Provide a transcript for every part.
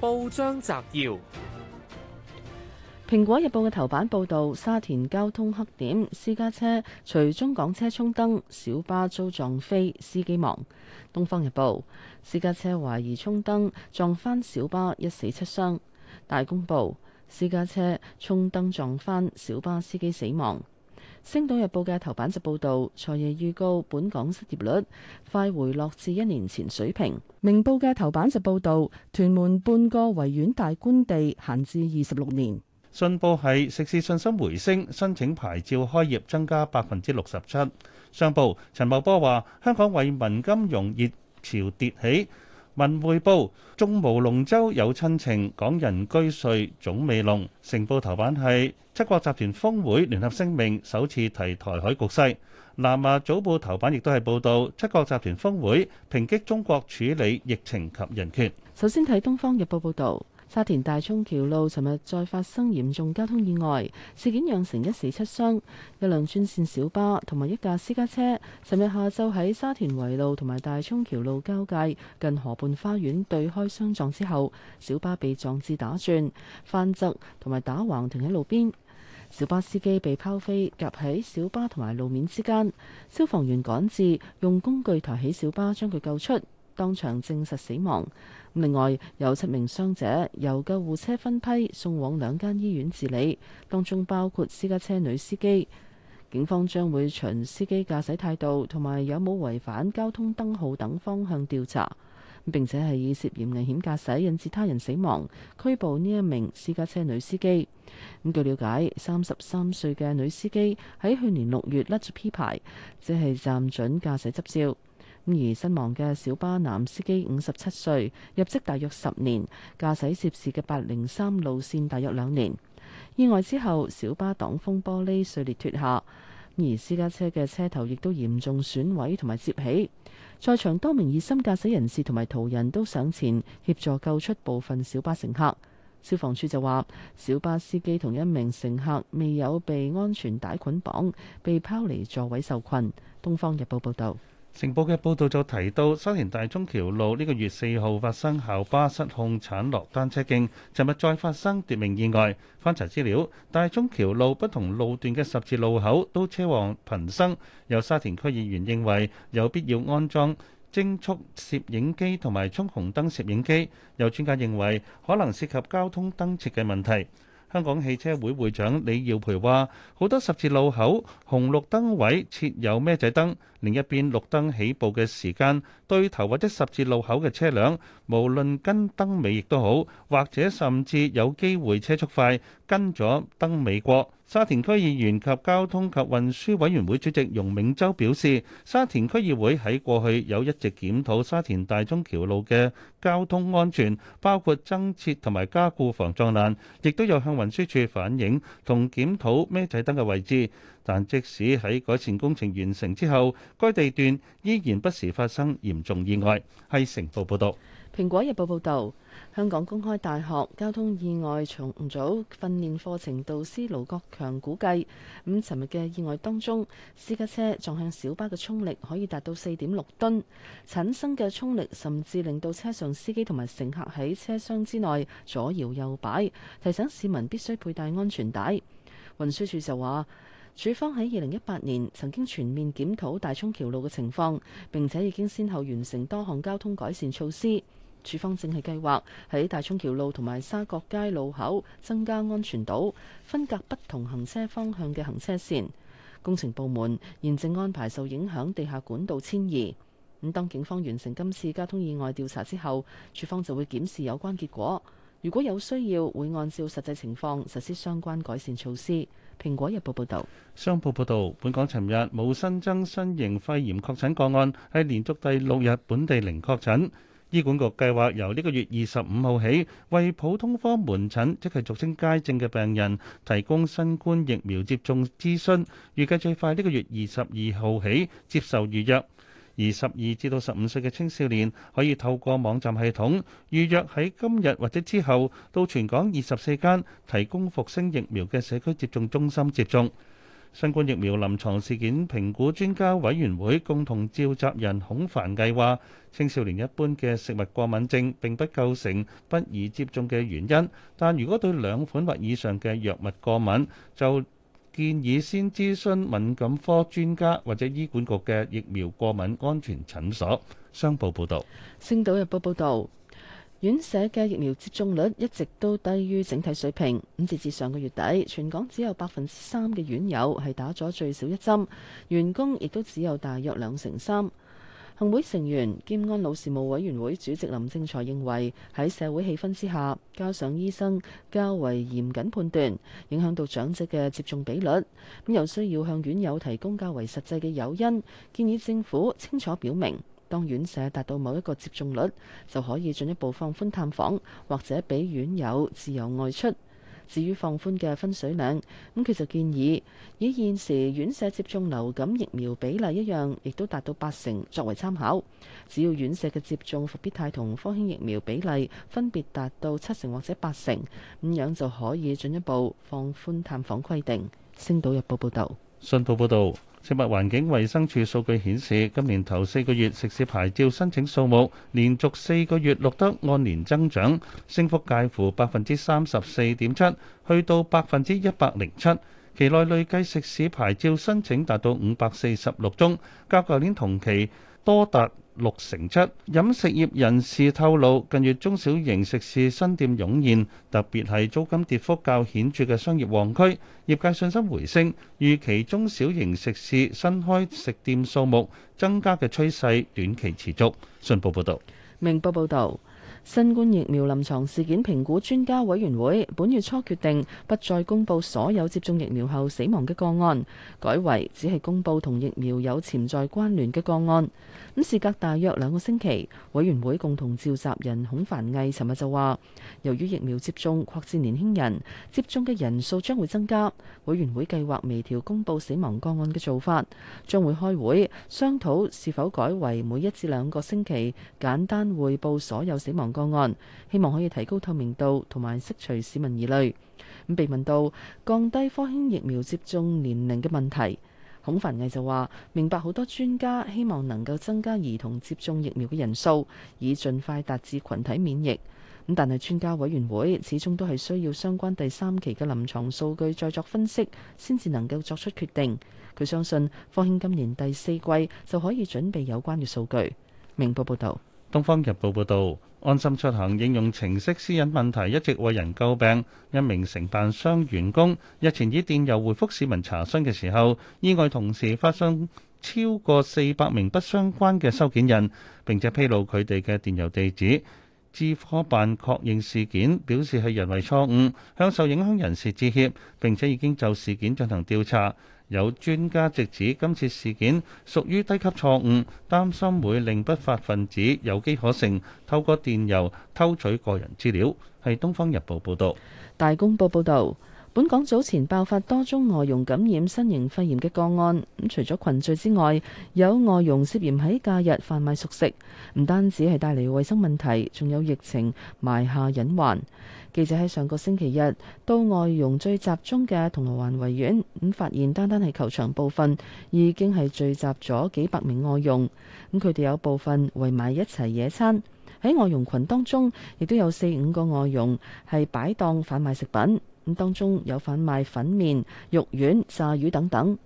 報章摘要：《蘋果日報》嘅頭版報道沙田交通黑點，私家車隨中港車衝燈，小巴遭撞飛，司機亡。《東方日報》私家車懷疑衝燈撞翻小巴，一死七傷。《大公報》私家車衝燈撞翻小巴，司機死亡。《星島日報》嘅頭版就報道，財爺預告本港失業率快回落至一年前水平。《明報》嘅頭版就報道，屯門半個維園大官地閒置二十六年。《信報》係食肆信心回升，申請牌照開業增加百分之六十七。《商報》陳茂波話：香港為民金融熱潮迭起。文匯報：中無龍舟有親情，港人居稅總未龍。成報頭版係七國集團峰會聯合聲明，首次提台海局勢。南亞早報頭版亦都係報道七國集團峰會抨擊中國處理疫情及人權。首先睇東方日報報道。沙田大涌橋路尋日再發生嚴重交通意外，事件釀成一死七傷。一輛專線小巴同埋一架私家車尋日下晝喺沙田圍路同埋大涌橋路交界近河畔花園對開相撞之後，小巴被撞至打轉、翻側同埋打橫停喺路邊。小巴司機被拋飛，夾喺小巴同埋路面之間。消防員趕至，用工具抬起小巴，將佢救出，當場證實死亡。另外有七名傷者由救護車分批送往兩間醫院治理，當中包括私家車女司機。警方將會循司機駕駛態度同埋有冇違反交通燈號等方向調查，並且係以涉嫌危險駕駛引致他人死亡拘捕呢一名私家車女司機。咁據了解，三十三歲嘅女司機喺去年六月甩咗 P 牌，即係暫准駕駛執照。而身亡嘅小巴男司機五十七歲，入職大約十年，駕駛涉事嘅八零三路線大約兩年。意外之後小巴擋風玻璃碎裂脫下，而私家車嘅車頭亦都嚴重損毀同埋折起。在場多名熱心駕駛人士同埋途人都上前協助救出部分小巴乘客。消防處就話小巴司機同一名乘客未有被安全帶捆綁，被拋離座位受困。《東方日報》報道。成報嘅報導就提到，沙田大中橋路呢個月四號發生校巴失控剷落單車徑，尋日再發生奪命意外。翻查資料，大中橋路不同路段嘅十字路口都車禍頻生。有沙田區議員認為有必要安裝精速攝影機同埋衝紅燈攝影機。有專家認為可能涉及交通燈設嘅問題。香港汽車會會長李耀培話，好多十字路口紅綠燈位設有咩仔燈，另一邊綠燈起步嘅時間，對頭或者十字路口嘅車輛，無論跟燈尾亦都好，或者甚至有機會車速快跟咗燈尾過。沙田區議員及交通及運輸委員會主席容銘洲表示，沙田區議會喺過去有一直檢討沙田大涌橋路嘅交通安全，包括增設同埋加固防撞欄，亦都有向運輸署反映同檢討咩仔燈嘅位置。但即使喺改善工程完成之後，該地段依然不時發生嚴重意外。係成報報道，蘋果日報報道，香港公開大學交通意外重組訓練課程導師盧國強估計，咁尋日嘅意外當中，私家車撞向小巴嘅衝力可以達到四點六噸，產生嘅衝力甚至令到車上司機同埋乘客喺車廂之內左搖右擺，提醒市民必須佩戴安全帶。運輸署就話。署方喺二零一八年曾經全面檢討大涌橋路嘅情況，並且已經先後完成多項交通改善措施。署方正係計劃喺大涌橋路同埋沙角街路口增加安全島，分隔不同行車方向嘅行車線。工程部門現正安排受影響地下管道遷移。咁當警方完成今次交通意外調查之後，署方就會檢視有關結果。如果有需要，會按照實際情況實施相關改善措施。蘋果日報報道，商報報道，本港尋日冇新增新型肺炎確診個案，係連續第六日本地零確診，醫管局計劃由呢個月二十五號起，為普通科門診即係俗稱街症嘅病人提供新冠疫苗接種諮詢，預計最快呢個月二十二號起接受預約。而十二至到十五歲嘅青少年可以透過網站系統預約，喺今日或者之後到全港二十四間提供復星疫苗嘅社區接種中心接種。新冠疫苗臨床事件評估專家委員會共同召集人孔繁毅話：青少年一般嘅食物過敏症並不構成不宜接種嘅原因，但如果對兩款或以上嘅藥物過敏，就建議先諮詢敏感科專家或者醫管局嘅疫苗過敏安全診所。商報報道，星島日報報道，院舍嘅疫苗接種率一直都低於整體水平。咁截至上個月底，全港只有百分之三嘅院友係打咗最少一針，員工亦都只有大約兩成三。行會成員兼安老事務委員會主席林正才認為，喺社會氣氛之下，加上醫生較為嚴謹判斷，影響到長者嘅接種比率，咁又需要向院友提供較為實際嘅誘因，建議政府清楚表明，當院舍達到某一個接種率，就可以進一步放寬探訪或者俾院友自由外出。至於放寬嘅分水嶺，咁佢就建議以現時院舍接種流感疫苗比例一樣，亦都達到八成作為參考。只要院舍嘅接種復必泰同科興疫苗比例分別達到七成或者八成，咁樣就可以進一步放寬探訪規定。星島日報報道。信報報導。食物環境衞生署數據顯示，今年頭四個月食肆牌照申請數目連續四個月錄得按年增長，升幅介乎百分之三十四點七去到百分之一百零七。期內累計食肆牌照申請達到五百四十六宗，較舊年同期多達六成七，飲食業人士透露，近月中小型食肆新店湧現，特別係租金跌幅較顯著嘅商業旺區，業界信心回升，預期中小型食肆新開食店數目增加嘅趨勢短期持續。信報報道。明報報道。新冠疫苗臨床事件評估專家委員會本月初決定不再公布所有接種疫苗後死亡嘅個案，改為只係公布同疫苗有潛在關聯嘅個案。咁事隔大約兩個星期，委員會共同召集人孔繁毅尋日就話，由於疫苗接種擴至年輕人，接種嘅人數將會增加，委員會計劃微調公布死亡個案嘅做法，將會開會商討是否改為每一至兩個星期簡單匯報所有死亡個案，希望可以提高透明度同埋釋除市民疑慮。咁被問到降低科興疫苗接種年齡嘅問題，孔凡毅就話：明白好多專家希望能夠增加兒童接種疫苗嘅人數，以盡快達至群體免疫。咁但係專家委員會始終都係需要相關第三期嘅臨牀數據再作分析，先至能夠作出決定。佢相信科興今年第四季就可以準備有關嘅數據。明報報道。《東方日報》報導，安心出行應用程式私隱問題一直為人詬病。一名承辦商員工日前以電郵回覆市民查詢嘅時候，意外同時發送超過四百名不相關嘅收件人，並且披露佢哋嘅電郵地址。資科辦確認事件，表示係人為錯誤，向受影響人士致歉，並且已經就事件進行調查。有專家直指今次事件屬於低級錯誤，擔心會令不法分子有機可乘，透過電郵偷取個人資料。係《東方日報》報道，《大公報》報導。本港早前爆發多宗外傭感染新型肺炎嘅個案，咁除咗群聚之外，有外傭涉嫌喺假日販賣熟食，唔單止係帶嚟衞生問題，仲有疫情埋下隱患。記者喺上個星期日到外傭最集中嘅銅鑼灣維園，咁發現單單係球場部分已經係聚集咗幾百名外傭，咁佢哋有部分圍埋一齊野餐。喺外傭群當中，亦都有四五個外傭係擺檔販賣食品。咁當中有販賣粉麵、肉丸、炸魚等等。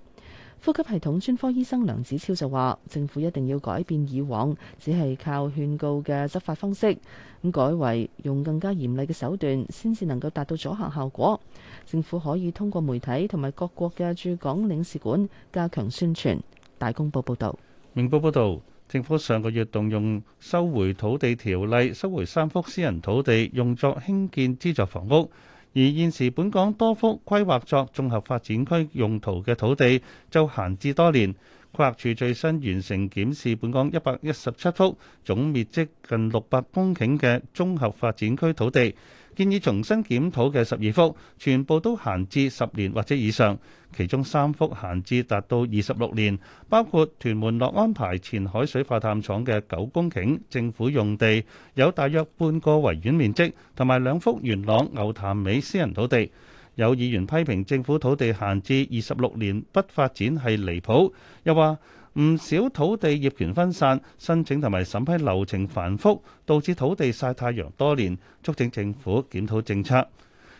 呼吸系統專科醫生梁子超就話：政府一定要改變以往只係靠勸告嘅執法方式，咁改為用更加嚴厲嘅手段，先至能夠達到阻嚇效果。政府可以通過媒體同埋各國嘅駐港領事館加強宣傳。大公報報道：「明報報道，政府上個月動用收回土地條例，收回三幅私人土地用作興建資助房屋。而現時本港多幅規劃作綜合發展區用途嘅土地就閒置多年，規劃處最新完成檢視本港一百一十七幅總面積近六百公頃嘅綜合發展區土地。建議重新檢討嘅十二幅，全部都閒置十年或者以上，其中三幅閒置達到二十六年，包括屯門樂安排前海水化淡廠嘅九公頃政府用地，有大約半個維園面積，同埋兩幅元朗牛潭尾私人土地。有議員批評政府土地閒置二十六年不發展係離譜，又話，唔少土地業權分散，申請同埋審批流程繁複，導致土地曬太陽多年，促請政府檢討政策。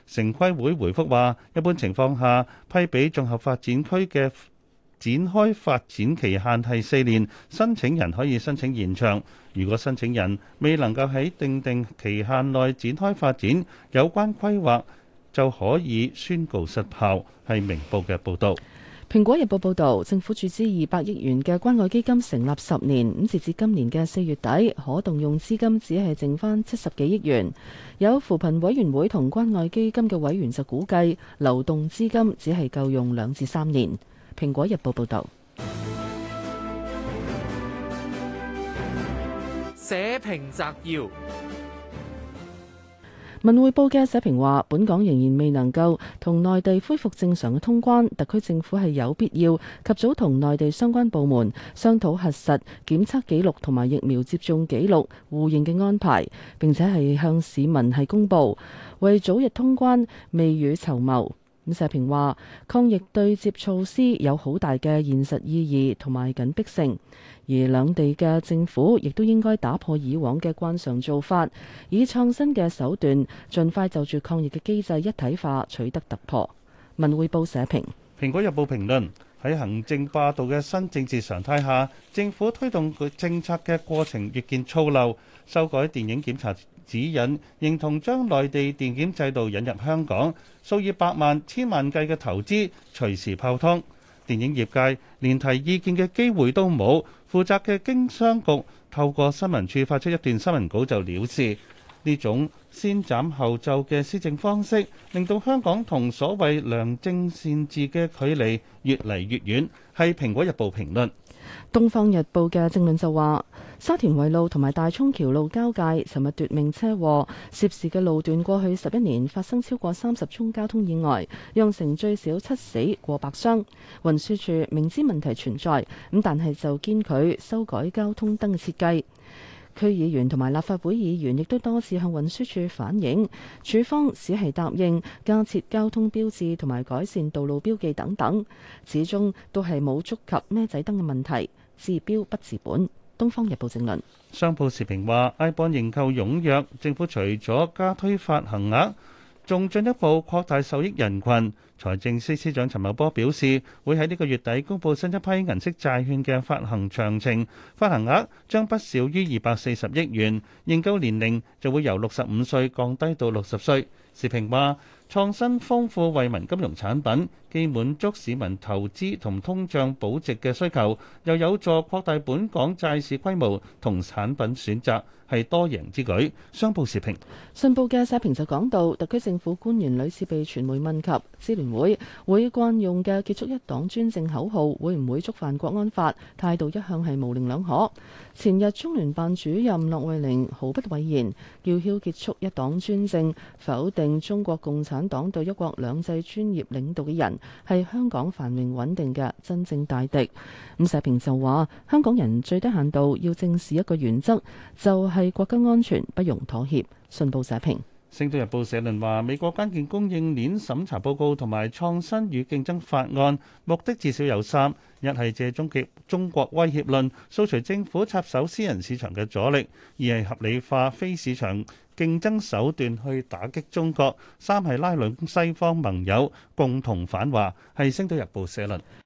城規會回覆話：一般情況下，批俾綜合發展區嘅展開發展期限係四年，申請人可以申請延長。如果申請人未能夠喺定定期限內展開發展，有關規劃就可以宣告失效。係明報嘅報導。蘋果日報報道，政府注資二百億元嘅關愛基金成立十年，咁截至今年嘅四月底，可動用資金只係剩返七十幾億元。有扶貧委員會同關愛基金嘅委員就估計，流動資金只係夠用兩至三年。蘋果日報報道。社評摘要。文匯報嘅社評話，本港仍然未能夠同內地恢復正常嘅通關，特區政府係有必要及早同內地相關部門商討核實檢測記錄同埋疫苗接種記錄互認嘅安排，並且係向市民係公佈，為早日通關未雨綢繆。咁社評話，抗疫對接措施有好大嘅現實意義同埋緊迫性，而兩地嘅政府亦都應該打破以往嘅慣常做法，以創新嘅手段，盡快就住抗疫嘅機制一體化取得突破。文匯報社評。《蘋果日報》評論喺行政霸道嘅新政治常態下，政府推動佢政策嘅過程越見粗陋，修改電影檢查指引認同將內地電檢制度引入香港，數以百萬、千萬計嘅投資隨時泡湯。電影業界連提意見嘅機會都冇，負責嘅經商局透過新聞處發出一段新聞稿就了事。呢種先斬後奏嘅施政方式，令到香港同所謂良政善治嘅距離越嚟越遠。係《蘋果日報》評論。《東方日報》嘅正論就話，沙田圍路同埋大涌橋路交界，尋日奪命車禍涉事嘅路段，過去十一年發生超過三十宗交通意外，釀成最少七死過百傷。運輸處明知問題存在，咁但係就堅拒修改交通燈嘅設計。區議員同埋立法會議員亦都多次向運輸署反映，署方只係答應加設交通標誌同埋改善道路標記等等，始終都係冇觸及孭仔燈嘅問題，治標不治本。《東方日報》正論。商報時評話，iBond 認購踴躍，政府除咗加推發行額。仲進一步擴大受益人群。財政司司長陳茂波表示，會喺呢個月底公佈新一批銀色債券嘅發行詳情，發行額將不少於二百四十億元，認購年齡就會由六十五歲降低到六十歲。時評話：創新豐富惠民金融產品，既滿足市民投資同通脹保值嘅需求，又有助擴大本港債市規模同產品選擇，係多贏之舉。商報時評，信報嘅社評就講到，特區政府官員屢次被傳媒問及支聯會會慣用嘅結束一黨專政口號會唔會觸犯國安法，態度一向係模棱兩可。前日中聯辦主任駱惠寧毫不諱言，叫囂結束一黨專政，否定，令中國共產黨對一國兩制專業領導嘅人係香港繁榮穩定嘅真正大敵。咁社評就話：香港人最低限度要正視一個原則，就係國家安全不容妥協。信報社評，《星島日報》社論話：美國關鍵供應鏈審查報告同埋創新與競爭法案目的至少有三，一係借中極中國威脅論掃除政府插手私人市場嘅阻力，二係合理化非市場競爭手段去打擊中國，三係拉攏西方盟友共同反華，係《星島日報》社論。